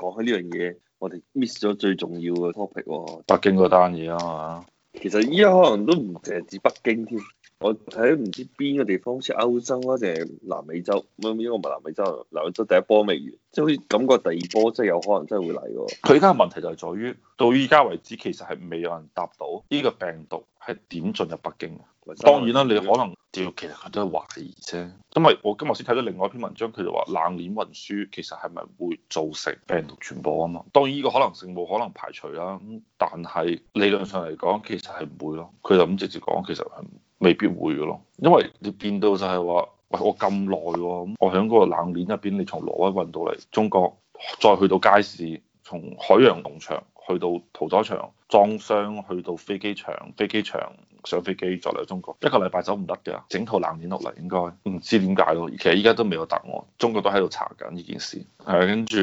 講起呢樣嘢，我哋 miss 咗最重要嘅 topic 喎、哦。北京嗰單嘢啊嘛。其實依家可能都唔淨係指北京添。我睇唔知邊個地方，似歐洲啊定係南美洲咁？應該唔係南美洲，南美洲第一波未完，即係好似感覺第二波即係有可能真係會嚟嘅。佢而家嘅問題就係在於，到依家為止其實係未有人答到呢個病毒係點進入北京嘅。當然啦，你可能要其實佢都係懷疑啫。因為我今日先睇到另外一篇文章，佢就話冷鏈運輸其實係咪會造成病毒傳播啊嘛？當然呢個可能性冇可能排除啦，咁。但係理論上嚟講，其實係唔會咯。佢就咁直接講，其實係。未必會嘅咯，因為你變到就係話：喂，我咁耐喎，咁我喺嗰個冷鏈入邊，你從挪威運到嚟中國，再去到街市，從海洋農場去到屠宰場，裝箱去到飛機場，飛機場上飛機再嚟中國，一個禮拜走唔得嘅，整套冷鏈落嚟應該唔知點解咯。其實依家都未有答案，中國都喺度查緊呢件事。係跟住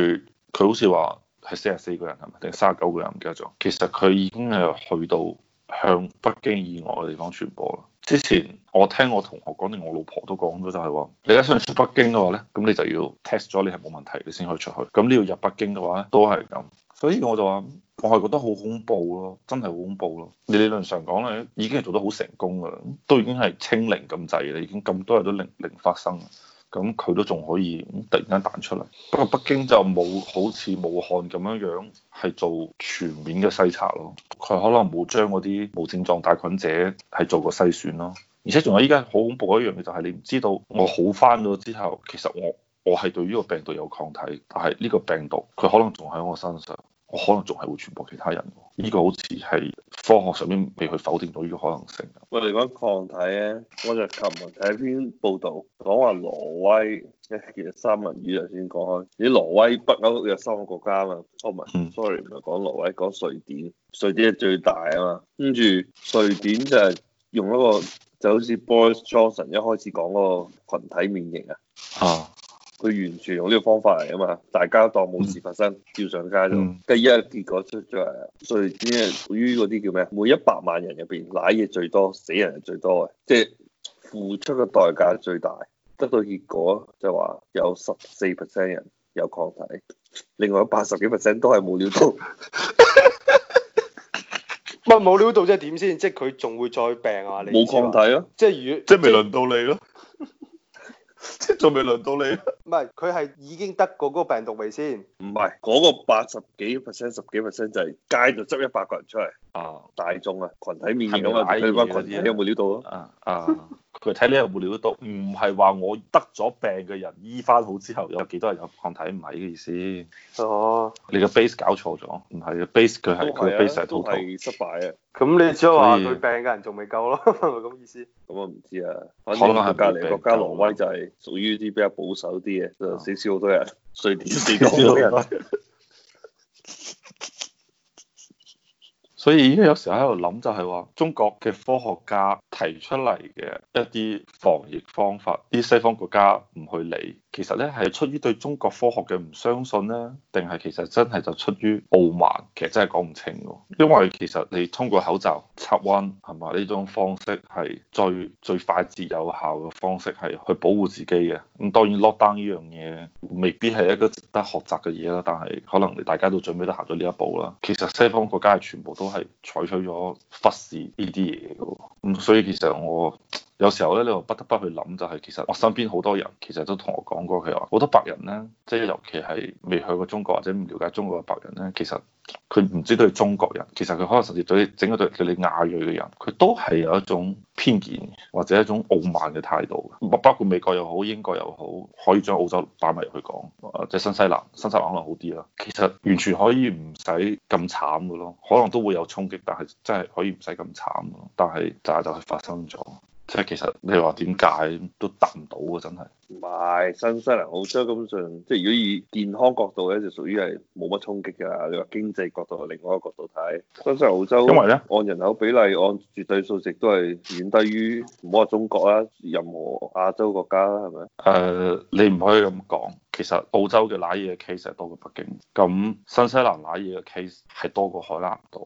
佢好似話係四十四個人係咪？定三十九個人唔記得咗。其實佢已經係去到向北京以外嘅地方傳播啦。之前我聽我同學講定我老婆都講咗就係話，你一想出北京嘅話咧，咁你就要 test 咗你係冇問題，你先可以出去。咁你要入北京嘅話咧，都係咁。所以我就話，我係覺得好恐怖咯，真係好恐怖咯。你理論上講咧，已經係做得好成功噶啦，都已經係清零咁滯啦，已經咁多日都零零發生啦。咁佢都仲可以突然間彈出嚟，不過北京就冇好似武漢咁樣樣係做全面嘅篩測咯，佢可能冇將嗰啲無症狀帶菌者係做過篩選咯，而且仲有依家好恐怖一樣嘢就係你唔知道，我好返咗之後，其實我我係對呢個病毒有抗體，但係呢個病毒佢可能仲喺我身上。我可能仲係會傳播其他人，呢個好似係科學上面未去否定到呢個可能性。我哋講抗體咧，我就琴日睇篇報道，講話挪威，其實三文魚就先講開。啲挪威北歐有三個國家啊嘛，哦唔係，sorry 唔係講挪威，講瑞典，瑞典係最大啊嘛，跟住瑞典就係用一個就好似 Boris Johnson 一開始講嗰個群體免疫啊。佢完全用呢個方法嚟啊嘛，大家當冇事發生，叫上街度。第一、嗯、結果出咗嚟，所以呢，屬於嗰啲叫咩？每一百萬人入邊，奶嘢最多，死人係最多嘅，即係付出嘅代價最大，得到結果就話有十四 percent 人有抗體，另外八十幾 percent 都係冇料到。乜冇料到即係點先？即係佢仲會再病啊？你冇抗體啊？即係如即係未輪到你咯，即係.。 仲未輪到你？唔係佢係已經得過嗰個病毒未先？唔係嗰個八十幾 percent、十幾 percent 就係、是、街度執一百個人出嚟。啊！大眾啊，羣體免疫咁啊嘛，佢哋有冇料到啊？啊！ 佢睇呢個資料到，唔係話我得咗病嘅人醫翻好之後有幾多人有抗體唔係嘅意思。哦，你個 base 搞錯咗，唔係啊 base 佢係佢 base 成套圖。失敗啊！咁、嗯、你只係話佢病嘅人仲未夠咯，係咪咁意思？咁我唔知啊。可能係隔籬國家挪威就係屬於啲比較保守啲嘅，就死少好多人，瑞典死多好多人。 所以依家有時候喺度諗就係話，中國嘅科學家提出嚟嘅一啲防疫方法，啲西方國家唔去理，其實呢係出於對中國科學嘅唔相信呢，定係其實真係就出於傲慢，其實真係講唔清喎。因為其實你通過口罩測溫係嘛呢種方式係最最快捷有效嘅方式係去保護自己嘅。咁當然 lockdown 呢樣嘢未必係一個值得學習嘅嘢啦，但係可能你大家都準備得行咗呢一步啦。其實西方國家係全部都係。係採取咗忽視呢啲嘢嘅，咁所以其實我。有時候咧，你又不得不去諗，就係其實我身邊好多人其實都同我講過，佢話好多白人呢，即係尤其係未去過中國或者唔了解中國嘅白人呢，其實佢唔知道係中國人，其實佢可能甚至對整個對對你亞裔嘅人，佢都係有一種偏見或者一種傲慢嘅態度。包括美國又好，英國又好，可以將澳洲擺埋入去講，或者新西蘭，新西蘭可能好啲啦。其實完全可以唔使咁慘嘅咯，可能都會有衝擊，但係真係可以唔使咁慘嘅，但係但係就係發生咗。即係其實你話點解都達唔到啊！真係唔係，新西蘭澳洲，根本上即係如果以健康角度咧，就屬於係冇乜衝擊㗎。你話經濟角度係另外一個角度睇，新西蘭澳洲因為咧按人口比例、按絕對數值都係遠低於唔好話中國啦，任何亞洲國家啦，係咪？誒、呃，你唔可以咁講。其實澳洲嘅奶嘢嘅 case 係多過北京，咁新西蘭奶嘢嘅 case 係多過海南島。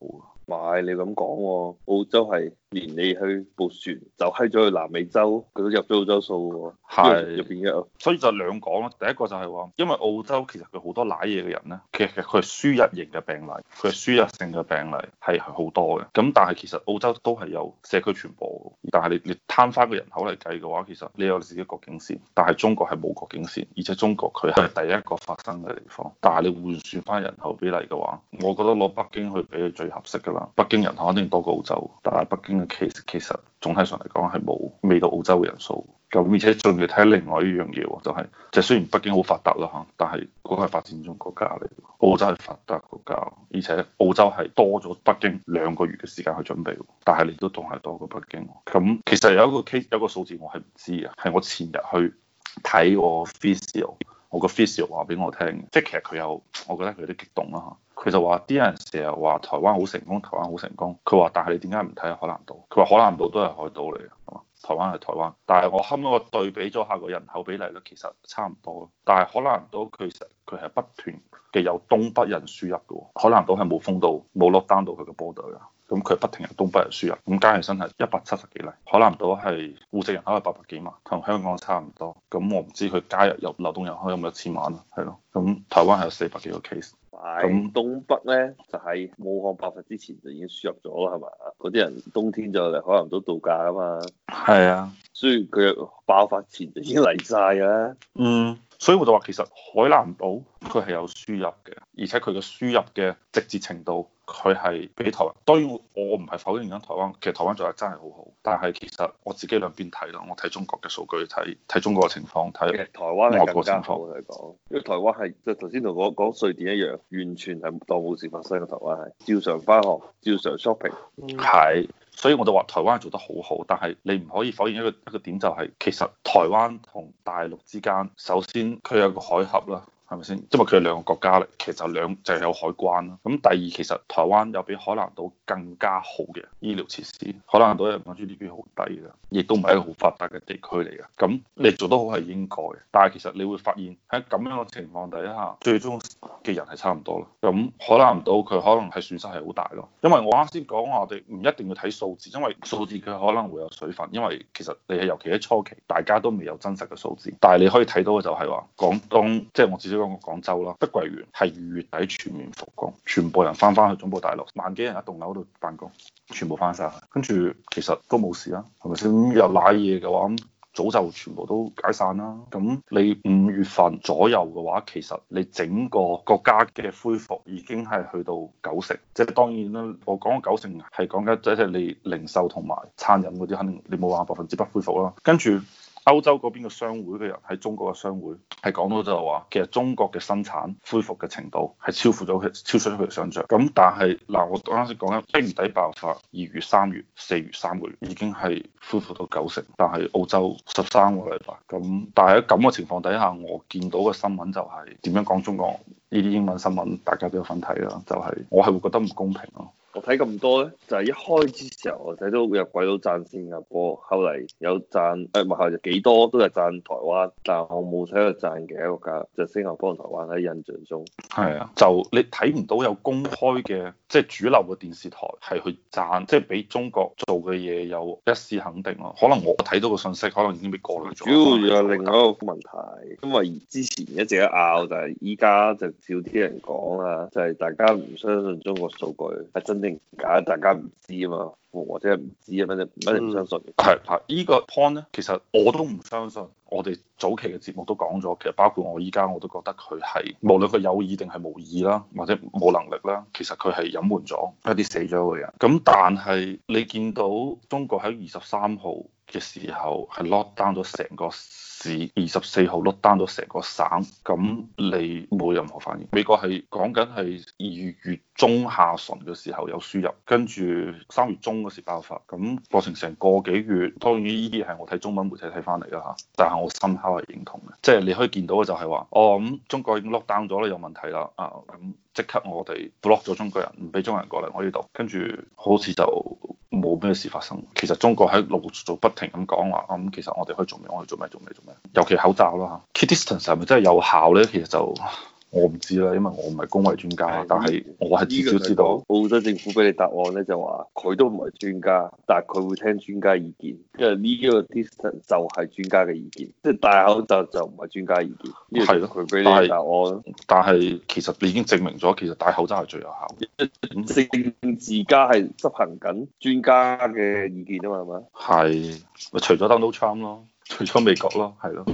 唔係你咁講喎，澳洲係。連你去部船就開咗去南美洲，佢都入咗澳洲數喎。係入邊有，所以就兩講咯。第一個就係話，因為澳洲其實佢好多瀨嘢嘅人咧，其實佢係輸入型嘅病例，佢係輸入性嘅病例係好多嘅。咁但係其實澳洲都係有社區傳播，但係你你攤翻個人口嚟計嘅話，其實你有自己國境線，但係中國係冇國境線，而且中國佢係第一個發生嘅地方。但係你換算翻人口比例嘅話，我覺得攞北京去比佢最合適噶啦。北京人口肯定多過澳洲，但係北京。其其實總體上嚟講係冇未到澳洲嘅人數，咁而且仲要睇另外一樣嘢，就係即係就雖然北京好發達啦嚇，但係嗰係發展中國家嚟，澳洲係發達國家，而且澳洲係多咗北京兩個月嘅時間去準備，但係你都仲係多過北京。咁其實有一個 case 有一個數字我係唔知啊，係我前日去睇我 physio，我個 physio 話俾我聽，即係其實佢有，我覺得佢有啲激動啦嚇。佢就話啲人成日話台灣好成功，台灣好成功。佢話，但係你點解唔睇下海南島？佢話海南島都係海島嚟嘅，台灣係台灣。但係我堪我對比咗下個人口比例咧，其實差唔多。但係海南島其實佢係不斷嘅有東北人輸入嘅。海南島係冇封到，冇 lockdown 到佢嘅 border 嘅。咁佢不停有東北人輸入，咁加起身係一百七十幾例。海南島係戶籍人口係八百幾萬，同香港差唔多。咁我唔知佢加入入流動人口有冇一千萬啊？係咯，咁台灣係有四百幾個 case。咁東北咧就喺武漢爆發之前就已經輸入咗啦，係嘛？嗰啲人冬天就嚟海南島度假吖嘛，係啊，所以佢爆發前就已經嚟曬嘅。嗯，所以我就話其實海南島佢係有輸入嘅，而且佢嘅輸入嘅直接程度。佢係俾台灣，當然我我唔係否認緊台灣，其實台灣做得真係好好。但係其實我自己兩邊睇咯，我睇中國嘅數據，睇睇中國嘅情況，睇台灣係更加好情況嚟講。因為台灣係即係頭先同我講瑞典一樣，完全係當冇事發生。個台灣係照常翻學，照常 shopping，係、嗯。所以我哋話台灣做得好好，但係你唔可以否認一個一個點就係、是、其實台灣同大陸之間，首先佢有個海峽啦。係咪先？即係因為佢係兩個國家嚟，其實就兩就係有海關咯。咁第二，其實台灣有比海南島更加好嘅醫療設施。海南島嘅 GDP 好低嘅，亦都唔係一個好發達嘅地區嚟嘅。咁你做得好係應該嘅，但係其實你會發現喺咁樣嘅情況底下，最終嘅人係差唔多咯。咁海南島佢可能係損失係好大咯，因為我啱先講話，我哋唔一定要睇數字，因為數字佢可能會有水分，因為其實你係尤其喺初期，大家都未有真實嘅數字。但係你可以睇到嘅就係話，廣東即係我至少。當個廣州啦，碧桂園係二月底全面復工，全部人翻返去總部大陸，萬幾人一棟樓度辦公，全部翻晒去，跟住其實都冇事啦，係咪先？咁又賴嘢嘅話，咁早就全部都解散啦。咁你五月份左右嘅話，其實你整個國家嘅恢復已經係去到九成，即係當然啦。我講九成係講緊即係你零售同埋餐飲嗰啲，肯定你冇話百分之百恢復啦。跟住。歐洲嗰邊嘅商會嘅人喺中國嘅商會係講到就話，其實中國嘅生產恢復嘅程度係超乎咗佢，超出咗佢嘅想象。咁但係嗱，我啱先講緊一月底爆發，二月、三月、四月三個月已經係恢復到九成，但係澳洲十三個禮拜。咁但係喺咁嘅情況底下，我見到嘅新聞就係點樣講中國呢啲英文新聞，大家都有份睇啦。就係我係會覺得唔公平咯。我睇咁多咧，就係、是、一開之時候我睇到有鬼佬讚星加坡，後嚟有讚誒，唔係就幾多都係讚台灣，但係我冇睇到讚嘅一個價，就星、是、加坡同台灣喺印象中係啊，就你睇唔到有公開嘅即係主流嘅電視台係去讚，即係俾中國做嘅嘢有一絲肯定咯。可能我睇到嘅信息可能已經俾過濾咗。主要有另外一個問題，因為之前一直拗就係依家就少啲人講啊，就係、是、大家唔相信中國數據，係真。定假？大家唔知啊嘛，或者唔知啊，乜都乜都唔相信。係啊、嗯，依、這個 point 咧，其實我都唔相信。我哋早期嘅節目都講咗，其實包括我依家我都覺得佢係無論佢有意定係無意啦，或者冇能力啦，其實佢係隱瞞咗一啲死咗嘅人。咁但係你見到中國喺二十三號。嘅時候係 lock down 咗成個市，二十四號 lock down 咗成個省，咁你冇任何反應。美國係講緊係二月中下旬嘅時候有輸入，跟住三月中嗰時爆發，咁過程成個幾月。當然呢啲係我睇中文媒體睇翻嚟㗎嚇，但係我深刻係認同嘅，即係你可以見到嘅就係話，哦咁中國已經 lock down 咗啦，有問題啦，啊咁即刻我哋 block 咗中國人，唔俾中國人過嚟我呢度，跟住好似就。冇咩事發生，其實中國喺陸續不停咁講話。咁、嗯、其實我哋可以做咩？我哋做咩？做咩？做咩？尤其口罩啦。嚇 keep distance 係咪真係有效咧？其實就～我唔知啦，因為我唔係公衞專，的專家，但係我係至少知道澳洲政府俾你答案咧，就話佢都唔係專家，但係佢會聽專家意見，因為呢個 test 就係專家嘅意見，即、就、係、係、戴口罩就唔係專家意見，係咯的，佢俾你答案。但係其實你已經證明咗，其實戴口罩係最有效。嗯、政治家係執行緊專家嘅意見啊嘛，係咪啊？係，咪除咗 Donald Trump 咯，除咗美國咯，係咯。